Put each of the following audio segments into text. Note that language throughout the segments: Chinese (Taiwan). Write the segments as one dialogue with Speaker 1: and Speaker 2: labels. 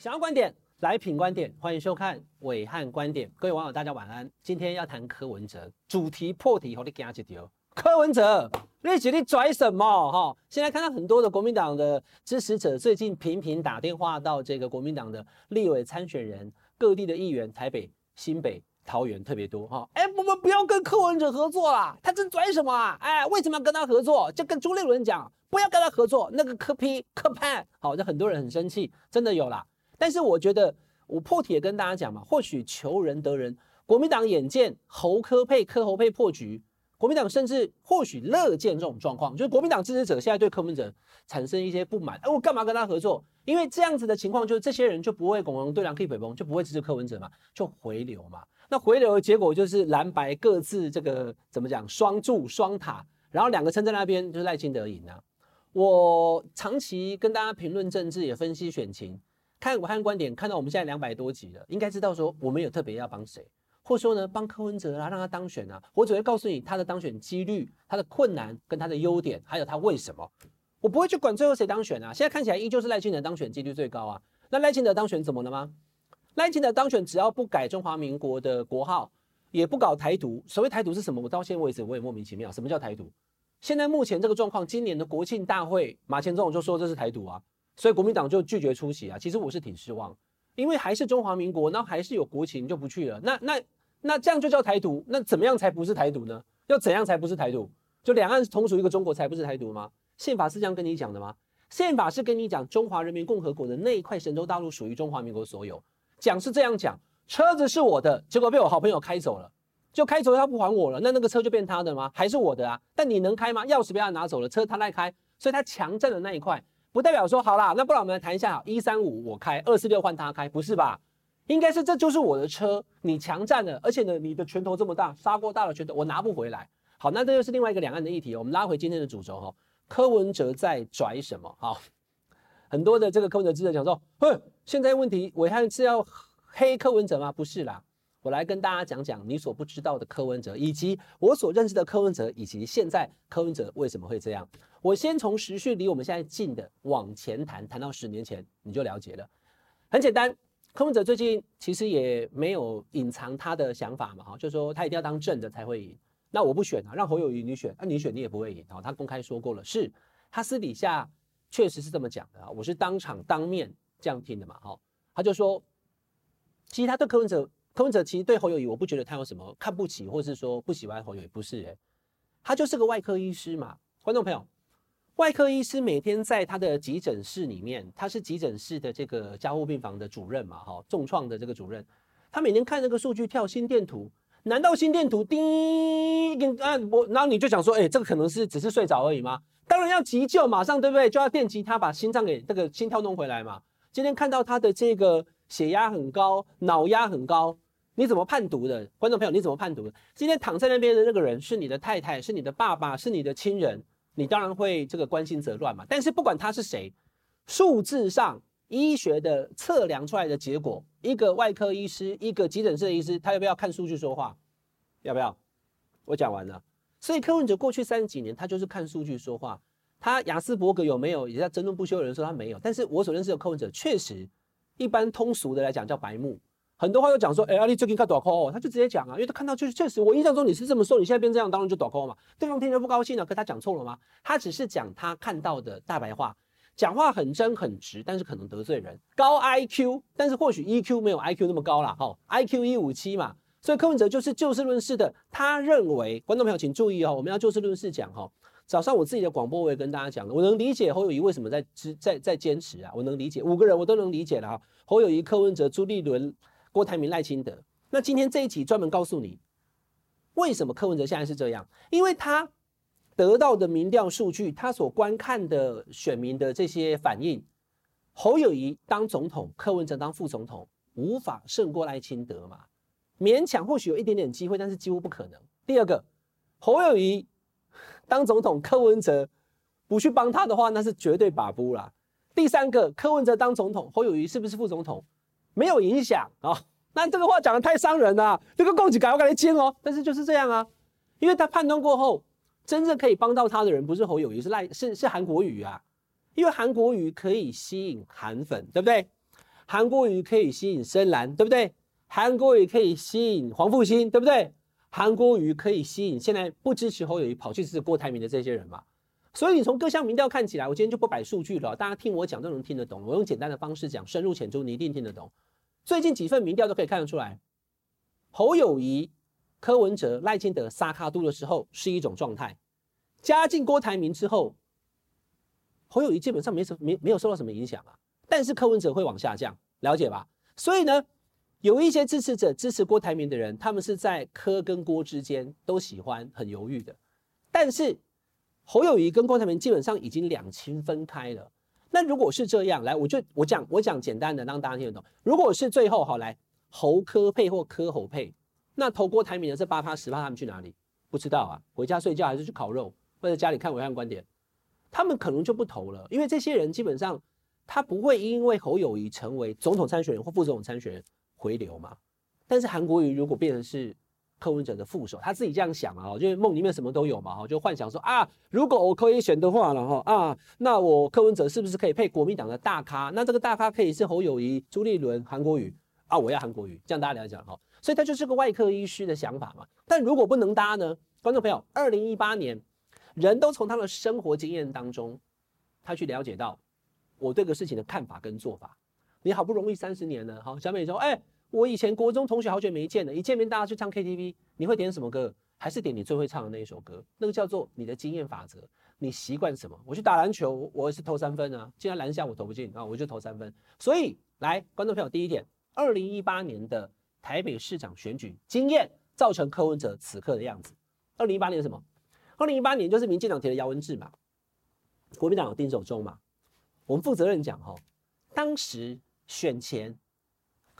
Speaker 1: 想要觀點，來品觀點，歡迎收看暐瀚觀點。各位網友，大家晚安。今天要談柯文哲，主題破題你給你講一條。柯文哲，你在這裡跩什麼？哈、哦，現在看到很多的國民黨的支持者，最近頻頻打電話到這個國民黨的立委參選人，各地的議員，台北、新北、桃園特別多。哈、哦，哎、欸，我們不要跟柯文哲合作啦，他正跩什麼、啊？哎、欸，為什麼要跟他合作？就跟朱立倫講，不要跟他合作。那個柯批柯判，好，就很多人很生氣，真的有啦。但是我覺得，我破題跟大家講嘛，或許求仁得仁，國民黨眼見侯科配科侯配破局，國民黨甚至或許樂見這種狀況，就是國民黨支持者現在對柯文哲產生一些不滿、哎，我幹嘛跟他合作？因為這樣子的情況，就是這些人就不會拱紅對兩翼北崩，就不會支持柯文哲嘛，就回流嘛。那回流的結果就是藍白各自這個怎麼講，雙柱雙塔，然後兩個撐在那邊就是賴清德贏了、啊。我長期跟大家評論政治，也分析選情。看暐瀚觀點，看到我們現在兩百多集了，應該知道說我們有特別要幫誰，或者說呢幫柯文哲啦、啊，讓他當選啊，我只會告訴你他的當選幾率、他的困難跟他的優點，還有他為什麼。我不會去管最後誰當選啊。現在看起來依舊是賴清德當選幾率最高啊。那賴清德當選怎麼了嗎？賴清德當選只要不改中華民國的國號，也不搞台獨。所謂台獨是什麼？我到現在為止我也莫名其妙。什麼叫台獨？現在目前這個狀況，今年的國慶大會，馬前總統就說這是台獨啊。所以國民黨就拒絕出席啊，其實我是挺失望，因為還是中華民國，然後還是有國情就不去了。那那那這樣就叫台獨？那怎麼樣才不是台獨呢？要怎樣才不是台獨？就兩岸同屬一個中國才不是台獨嗎？憲法是這樣跟你講的嗎？憲法是跟你講中華人民共和國的那一塊神州大陸屬於中華民國所有，講是這樣講。車子是我的，結果被我好朋友開走了，就開走他不還我了，那那個車就變他的嗎？還是我的啊？但你能開嗎？鑰匙被他拿走了，車他來開，所以他強佔了那一塊。不代表說好啦，那不然我們來談一下好，一三五我開，二四六換他開，不是吧？應該是這就是我的車，你強占了。而且呢，你的拳頭這麼大，砂鍋大的拳頭，我拿不回來。好，那這又是另外一個兩岸的議題，我們拉回今天的主軸哈、哦，柯文哲在拽什麼？好，很多的這個柯文哲支持者講說，哼，現在問題暐瀚是要黑柯文哲嗎？不是啦。我來跟大家講講你所不知道的柯文哲，以及我所認識的柯文哲，以及現在柯文哲為什麼會這樣。我先從時序離我們現在近的往前談，談到十年前你就了解了。很簡單，柯文哲最近其實也沒有隱藏他的想法嘛，哈，就說他一定要當正的才會贏。那我不選啊，讓侯友宜你選啊，那你選你也不會贏。好，他公開說過了，是他私底下確實是這麼講的啊。我是當場當面這樣聽的嘛，哈，他就說，其實他對柯文哲。問者其實對侯友宜，我不覺得他有什麼看不起，或是說不喜歡侯友宜，不是哎、欸，他就是個外科醫師嘛。觀眾朋友，外科醫師每天在他的急診室裡面，他是急診室的這個加護病房的主任嘛，哈、哦，重創的這個主任，他每天看那個數據跳心電圖。難道心電圖滴一根啊？我，然後你就想說，哎、欸，這個可能是只是睡着而已嗎？當然要急救，馬上對不對？就要電擊他，把心臟給這個心跳弄回來嘛。今天看到他的這個血壓很高，腦壓很高。你怎麼判讀的，觀眾朋友？你怎麼判讀的？今天躺在那邊的那個人是你的太太，是你的爸爸，是你的親人，你當然會這個關心則亂嘛。但是不管他是誰，數字上醫學的測量出來的結果，一個外科醫師，一個急診室的醫師，他要不要看數據說話？要不要？我講完了。所以柯文哲過去三十幾年，他就是看數據說話。他亞斯伯格有沒有也在爭論不休？有人說他沒有，但是我所認識的柯文哲確實，一般通俗的來講叫白目。很多話又講說，哎、欸，阿、啊、你最近變大箍哦，他就直接講啊，因為他看到確確實，我印象中你是這麼瘦，你現在變這樣，當然就大箍嘛。對方聽着不高興了，可他講錯了嗎？他只是講他看到的大白話，講話很真很直，但是可能得罪人。高 IQ，但是或許 EQ 沒有 IQ 那麼高啦哦，IQ 一五七嘛。所以柯文哲就是就事論事的，他認為觀眾朋友請注意哦，我們要就事論事講哈、哦。早上我自己的廣播我也跟大家講了，我能理解侯友宜為什麼在在在堅持啊，我能理解五個人我都能理解啦。啊，侯友宜、柯文哲、朱立倫。郭台銘、賴清德，那今天這一集專門告訴你，為什麼柯文哲現在是這樣？因為他得到的民調數據，他所觀看的選民的這些反應，侯友宜當總統，柯文哲當副總統，無法勝過賴清德嘛？勉強或許有一點點機會，但是幾乎不可能。第二個，侯友宜當總統，柯文哲不去幫他的話，那是絕對把不啦。第三個，柯文哲當總統，侯友宜是不是副總統？沒有影響啊，哦，那這個話講得太傷人了。這個供給改革來簽哦，但是就是這樣啊，因為他判斷過後，真正可以幫到他的人不是侯友宜，是賴，是是韓國瑜啊，因為韓國瑜可以吸引韓粉，對不對？韓國瑜可以吸引深藍，對不對？韓國瑜可以吸引黃復興，對不對？韓國瑜可以吸引現在不支持侯友宜，跑去支持郭台銘的這些人嘛。所以你從各項民調看起來，我今天就不擺數據了，大家聽我講都能聽得懂。我用簡單的方式講，深入淺出，你一定聽得懂。最近幾份民調都可以看得出來，侯友宜、柯文哲、賴清德、沙卡都的時候是一種狀態，加進郭台銘之後，侯友宜基本上沒什麼沒沒有受到什麼影響啊，但是柯文哲會往下降，了解吧？所以呢，有一些支持者支持郭台銘的人，他們是在柯跟郭之間都喜歡很猶豫的，但是。侯友宜跟郭台銘基本上已經兩清分開了。那如果是這樣，來，我就我講我講簡單的，讓大家聽得懂。如果是最後好來，侯柯配或柯侯配，那投郭台銘的這八趴十趴，他們去哪裡？不知道啊，回家睡覺還是去烤肉，或者家裡看《暐瀚觀點》，他們可能就不投了，因為這些人基本上他不會因為侯友宜成為總統參選人或副總統參選人回流嘛。但是韓國瑜如果變成是。柯文哲的副手，他自己這樣想啊，就夢裡面什麼都有嘛，就幻想說啊，如果我可以選的話了哈，啊，那我柯文哲是不是可以配國民黨的大咖？那這個大咖可以是侯友宜、朱立倫、韓國瑜啊，我要韓國瑜，這樣大家來講哈。所以他就是個外科醫師的想法嘛。但如果不能搭呢？觀眾朋友，二零一八年，人都從他的生活經驗當中，他去了解到我對這個事情的看法跟做法。你好不容易三十年了好，小美說，哎、欸。我以前國中同學好久沒見了，一見面大家去唱 KTV，你會點什麼歌？還是點你最會唱的那一首歌？那個叫做你的經驗法則，你習慣什麼？我去打籃球，我也是投三分啊，既然籃下我投不進啊，我就投三分。所以來，觀眾朋友，第一點，二零一八年的台北市長選舉經驗造成柯文哲此刻的樣子。二零一八年什麼？二零一八年就是民進黨提了姚文智嘛，國民黨丁守中嘛。我們負責任講哈，當時選前。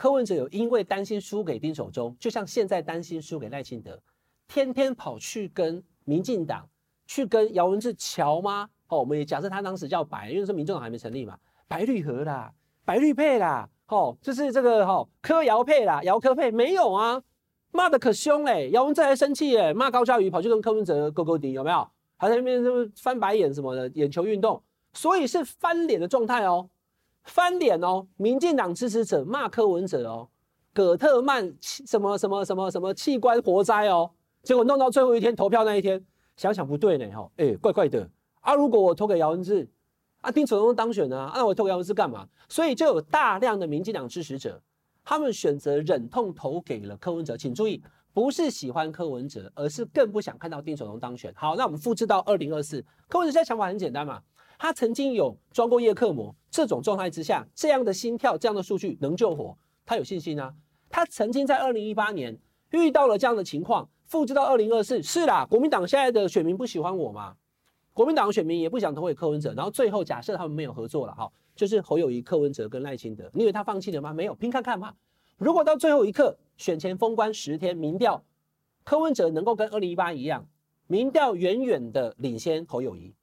Speaker 1: 柯文哲有因為擔心輸給丁守中，就像現在擔心輸給賴清德，天天跑去跟民進黨、去跟姚文智喬嗎？哦，我們也假設他當時叫白，因為說民眾黨還沒成立嘛，白綠合啦，白綠配啦，哦，就是這個哦，柯姚配啦，姚柯配沒有啊，罵得可凶嘞，姚文智還生氣耶，罵高嘉瑜跑去跟柯文哲勾勾頂有沒有？還在那邊就翻白眼什麼的眼球運動，所以是翻臉的狀態哦。翻臉哦，民進黨支持者罵柯文哲哦，葛特曼器什麼什麼什麼什麼器官活摘哦，結果弄到最後一天投票那一天，想想不對呢吼哎，怪怪的啊！如果我投給姚文智，啊丁守中當選啊，啊，那我投給姚文智幹嘛？所以就有大量的民進黨支持者，他們選擇忍痛投給了柯文哲，請注意，不是喜歡柯文哲，而是更不想看到丁守中當選。好，那我們複製到二零二四，柯文哲現在想法很簡單嘛。他曾經有裝過葉克膜，這種狀態之下，這樣的心跳，這樣的數據能救活？他有信心啊。他曾經在二零一八年遇到了這樣的情況，複製到二零二四，是啦。國民黨現在的選民不喜歡我嘛？國民黨選民也不想投給柯文哲。然後最後假設他們沒有合作了哈、哦，就是侯友宜、柯文哲跟賴清德。你以為他放棄了嗎？沒有，拼看看嘛。如果到最後一刻，選前封關十天，民調，柯文哲能夠跟二零一八一樣，民調遠遠的領先侯友宜。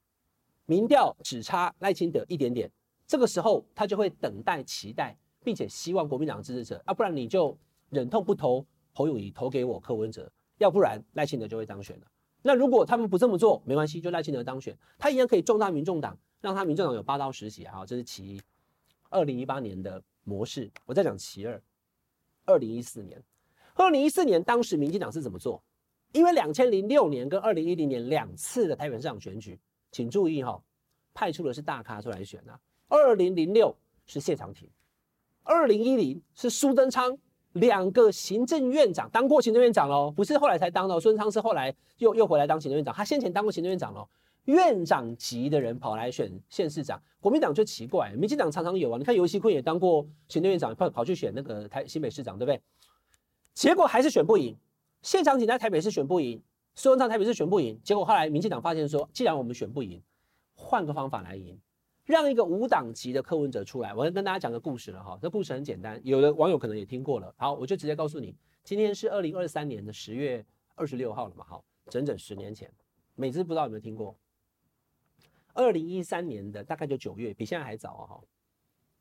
Speaker 1: 民調只差賴清德一點點，這個時候他就會等待、期待，並且希望國民黨支持者啊，不然你就忍痛不投侯友宜，投給我柯文哲，要不然賴清德就會當選了。那如果他們不這麼做，沒關係，就賴清德當選，他一樣可以壯大民眾黨，讓他民眾黨有八到十席。啊，這是其一。二零一八年的模式，我再講其二。二零一四年，二零一四年當時民進黨是怎麼做？因為兩千零六年跟二零一零年兩次的台灣市長選舉。請注意哈、哦，派出的是大咖出來選吶、啊。二零零六是謝長廷，二零一零是蘇貞昌，兩個行政院長當過行政院長嘍，不是後來才當的，蘇貞昌是後來又又回來當行政院長，他先前當過行政院長咯。院長級的人跑來選縣市長，國民黨就奇怪，民進黨常常有啊，你看游錫堃也當過行政院長，跑跑去選那個台新北市長對不對？結果還是選不贏，謝長廷在台北市選不贏。蘇貞昌台北市選不贏，結果後來民進黨發現說，既然我們選不贏，換個方法來贏，讓一個無黨籍的柯文哲出來。我要跟大家講個故事了哈，這故事很簡單，有的網友可能也聽過了。好，我就直接告訴你，今天是二零二三年的十月二十六號了嘛，哈，整整十年前，美姿不知道有沒有聽過？二零一三年的大概就九月，比現在還早啊、哦，哈，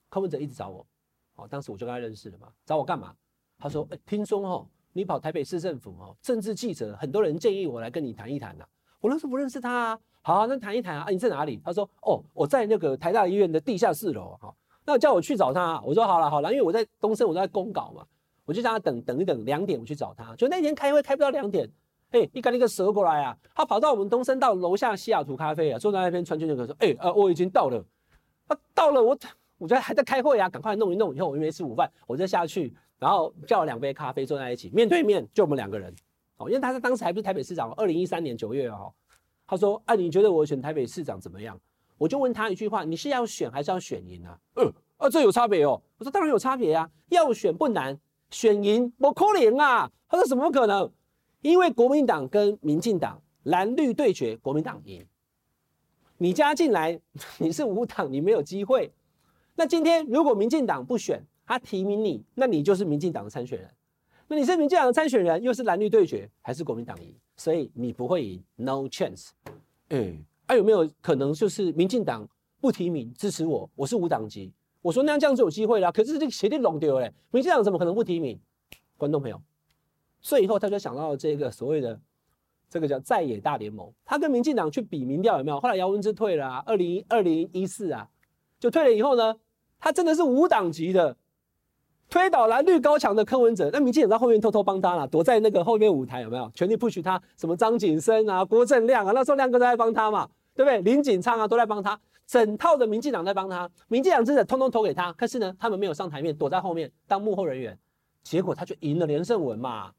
Speaker 1: 柯文哲一直找我，好，當時我就跟他認識了嘛，找我幹嘛？他說聽鐘哈。你跑台北市政府哦，政治記者很多人建議我來跟你談一談吶、啊。我那時候不認識他啊，好啊，那談一談啊，啊。你在哪裡？他說哦，我在那個台大醫院的地下四樓啊、哦。那叫我去找他，我說好了好了，因為我在東森，我在公稿嘛，我就叫他等等一等，兩點我去找他。就那天開會開不到兩點，嘿、欸，一趕緊給蛇過來啊。他跑到我們東森到樓下西雅圖咖啡啊，坐在那邊穿那靴，說哎、欸、呃我已經到了，他、啊、到了我我覺得還在開會啊，趕快弄一弄。以後我也沒吃午飯，我再下去。然後叫了兩杯咖啡，坐在一起，面對面，就我們兩個人。好、哦，因為他當時還不是台北市長，二零一三年九月哈、哦，他說：“啊，你覺得我選台北市長怎麼樣？”我就問他一句話：“你是要選還是要選贏呢、啊？”嗯，啊，這有差別哦。我說：“當然有差別啊，要選不難，選贏不可能啊。”他說：“怎麼可能？因為國民黨跟民進黨藍綠對決，國民黨贏，你加進來，你是無黨，你沒有機會。那今天如果民進黨不選。”他提名你，那你就是民進黨的參選人。那你是民進黨的參選人，又是藍綠對決，還是國民黨贏？所以你不會贏，no chance。哎、嗯，啊有沒有可能就是民進黨不提名支持我？我是無黨籍。我說那樣這樣子有機會啦。可是這個協定弄丟了，民進黨怎麼可能不提名？觀眾朋友，所以以後他就想到了這個所謂的這個叫在野大聯盟，他跟民進黨去比民調有沒有？後來姚文智退了啊，二零二零一四啊，就退了以後呢，他真的是無黨籍的。推倒藍綠高牆的柯文哲，那民進黨在後面偷偷幫他了，躲在那個後面舞台有沒有全力 push 他？什麼張景森啊、郭正亮啊，那時候亮哥都在幫他嘛，對不對？林錦昌啊都在幫他，整套的民進黨在幫他，民進黨真的通通投給他，可是呢，他們沒有上台面，躲在後面當幕後人員，結果他就贏了連勝文嘛。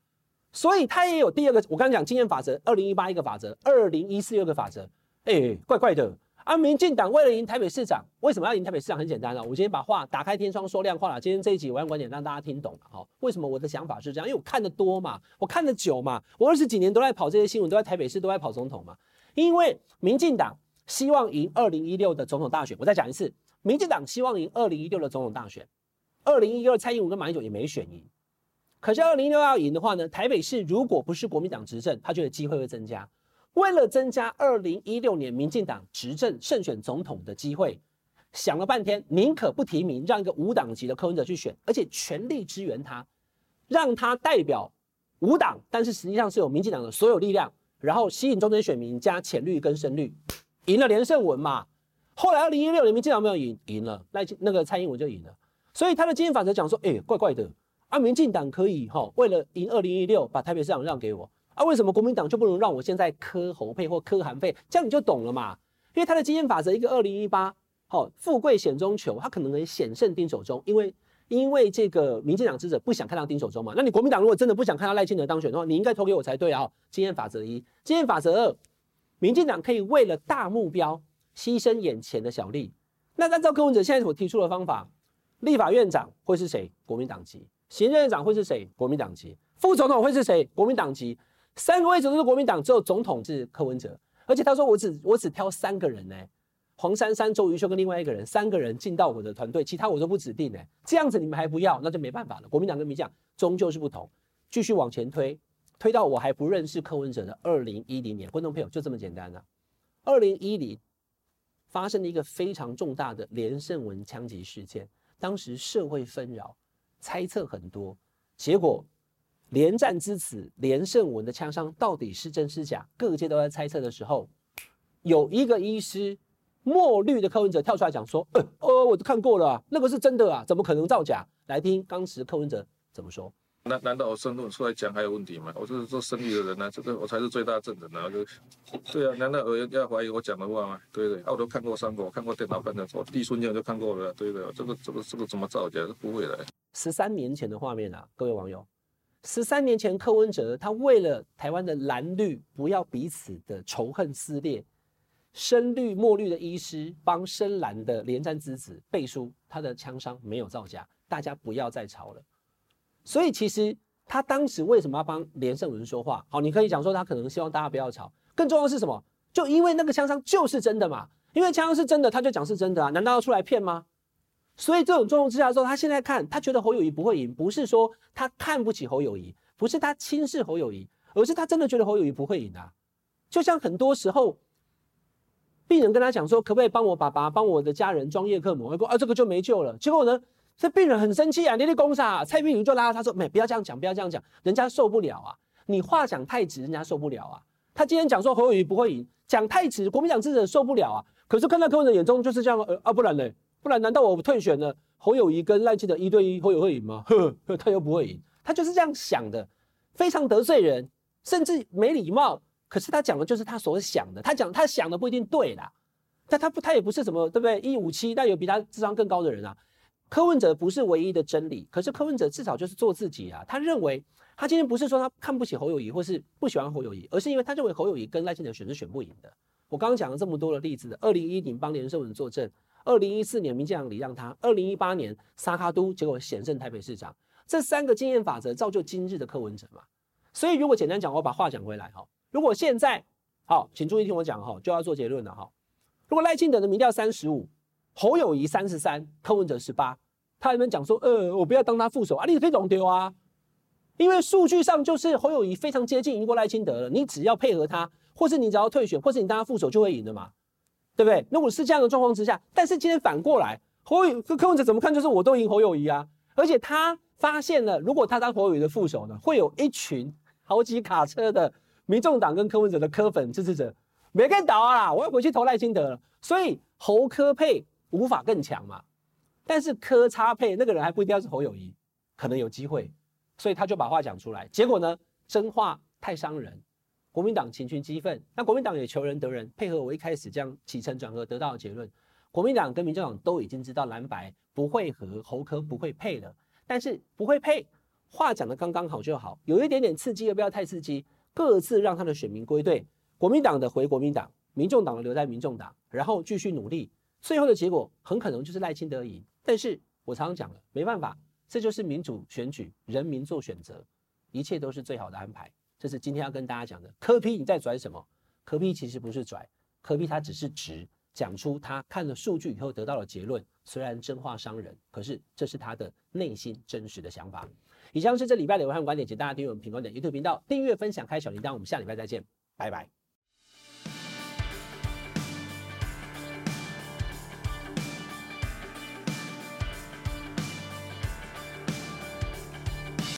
Speaker 1: 所以他也有第二個，我剛才講經驗法則，二零一八一個法則，二零一四一個法則，哎、欸，怪怪的。而、啊、民進黨為了贏台北市長，為什麼要贏台北市長？很簡單啊。我今天把話打開天窗說亮話了。今天這一集我要講簡單，大家聽懂了、啊、哈。為什麼我的想法是這樣？因為我看得多嘛，我看得久嘛，我二十幾年都在跑這些新聞，都在台北市，都在跑總統嘛。因為民進黨希望贏二零一六的總統大選，我再講一次，民進黨希望贏二零一六的總統大選。二零一二蔡英文跟馬英九也沒選贏，可是二零一六要贏的話呢，台北市如果不是國民黨執政，他覺得機會會增加。為了增加二零一六年民進黨執政勝選總統的機會，想了半天，寧可不提名，讓一個無黨籍的柯文哲去選，而且全力支援他，讓他代表無黨，但是實際上是有民進黨的所有力量，然後吸引中間選民加淺綠跟深綠，贏了連勝文嘛。後來二零一六年民進黨沒有贏，贏了那那個蔡英文就贏了，所以他的經驗法則講說，哎，怪怪的，啊民進黨可以吼、哦，為了贏二零一六，把台北市長讓給我。啊，為什麼國民黨就不能讓我現在柯侯配或柯韓配？這樣你就懂了嘛？因為他的經驗法則，一個二零一八，好，富貴險中求，他可能能險勝丁守中，因為因為這個民進黨支持者不想看到丁守中嘛。那你國民黨如果真的不想看到賴清德當選的話，你應該投給我才對啊！經驗法則一，經驗法則二，民進黨可以為了大目標犧牲眼前的小利。那按照柯文哲現在所提出的方法，立法院長會是誰？國民黨籍，行政院長會是誰？國民黨籍，副總統會是誰？國民黨籍。三個位置都是國民黨，只有總統是柯文哲，而且他說我只我只挑三個人呢、欸，黃珊珊、周榆修跟另外一個人，三個人進到我的團隊，其他我都不指定哎、欸，這樣子你們還不要，那就沒辦法了。國民黨跟民進黨，終究是不同，繼續往前推，推到我還不認識柯文哲的二零一零年，觀眾朋友就這麼簡單了、啊。二零一零發生了一個非常重大的連勝文槍擊事件，當時社會紛擾，猜測很多，結果。連戰之子連勝文的槍傷到底是真是假？各界都在猜測的時候，有一個醫師，墨綠的柯文哲跳出來講說：“欸、呃，哦，我都看過了，啊那個是真的啊，怎麼可能造假？”來聽當時柯文哲怎麼說？難難道我生論出來講還有問題嗎？我是做生意的人呢、啊，這個我才是最大證人啊！就對啊，難道有人要懷疑我講的話嗎？對對，對，啊、我都看過傷口，看過電腦翻證，我第一瞬間我就看過了、啊。對，對對，這個這個這個怎麼造假？不會的。十三年前的畫面啊，各位網友。十三年前，柯文哲他為了台灣的藍綠不要彼此的仇恨撕裂，深綠、墨綠的醫師幫深藍的連戰之子背書，他的槍傷沒有造假，大家不要再吵了。所以其實他當時為什麼要幫連勝文說話？好，你可以講說他可能希望大家不要吵。更重要的是什麼？就因為那個槍傷就是真的嘛，因為槍傷是真的，他就講是真的啊，難道要出來騙嗎？所以這種作用之下之後，他現在看他覺得侯友宜不會贏，不是說他看不起侯友宜，不是他輕視侯友宜，而是他真的覺得侯友宜不會贏啊，就像很多時候，病人跟他講說，可不可以幫我爸爸、幫我的家人裝葉克膜？結果啊，這個就沒救了。結果呢，這病人很生氣啊，你得功啥，啊？蔡壁如就拉他說，沒，不要這樣講，不要這樣講，人家受不了啊，你話講太直，人家受不了啊。他今天講說侯友宜不會贏，講太直，國民黨支持受不了啊。可是看到客人的眼中就是這樣，呃，啊不然呢？不然，難道我退選了？侯友宜跟賴清德一對一，侯友宜會贏嗎？呵，他又不會贏，他就是這樣想的，非常得罪人，甚至沒禮貌。可是他講的就是他所想的，他講他想的不一定對啦。但他不，他也不是什麼對不對？一五七，但有比他智商更高的人啊？柯文哲不是唯一的真理，可是柯文哲至少就是做自己啊。他認為他今天不是說他看不起侯友宜，或是不喜歡侯友宜，而是因為他認為侯友宜跟賴清德選是選不贏的。我剛剛講了這麼多的例子，二零一零幫連勝文作證。二零一四年民進黨禮讓他，二零一八年薩卡都，結果險勝台北市長。這三個經驗法則造就今日的柯文哲嘛。所以如果簡單講，我把話講回來哈，如果現在好，請注意聽我講哈，就要做結論了哈。如果賴清德的民調三十五，侯友宜三十三，柯文哲十八，他還能講說，呃，我不要當他副手啊，你可以總丟啊，因為數據上就是侯友宜非常接近贏過賴清德了，你只要配合他，或是你只要退選，或是你當他副手就會贏的嘛。對不對？如果是這樣的狀況之下，但是今天反過來，侯友宜和柯文哲怎麼看就是我都贏侯友宜啊！而且他發現了，如果他當侯友宜的副手呢，會有一群好幾卡車的民眾黨跟柯文哲的柯粉支持者，沒看到啊！我要回去投賴清德了。所以侯柯配無法更強嘛？但是柯 X 配那個人還不一定要是侯友宜，可能有機會，所以他就把話講出來。結果呢，真話太傷人。國民黨情緒激憤，那國民黨也求仁得仁，配合我一開始這樣起承轉合得到的結論。國民黨跟民眾黨都已經知道藍白不會合，侯柯不會配了，但是不會配，話講得剛剛好就好，有一點點刺激又不要太刺激，各自讓他的選民歸隊。國民黨的回國民黨，民眾黨的留在民眾黨，然後繼續努力，最後的結果很可能就是賴清德贏。但是我常常講了，沒辦法，這就是民主選舉，人民做選擇，一切都是最好的安排。這是今天要跟大家講的。柯 P 你在拽什麼？柯 P 其實不是拽，柯 P 他只是直講出他看了數據以後得到的結論。雖然真話傷人，可是這是他的內心真實的想法。以上是這禮拜的暐瀚觀點，請大家訂閱我們品觀點的 YouTube 頻道，訂閱、分享、開小鈴鐺。我們下禮拜再見，拜拜。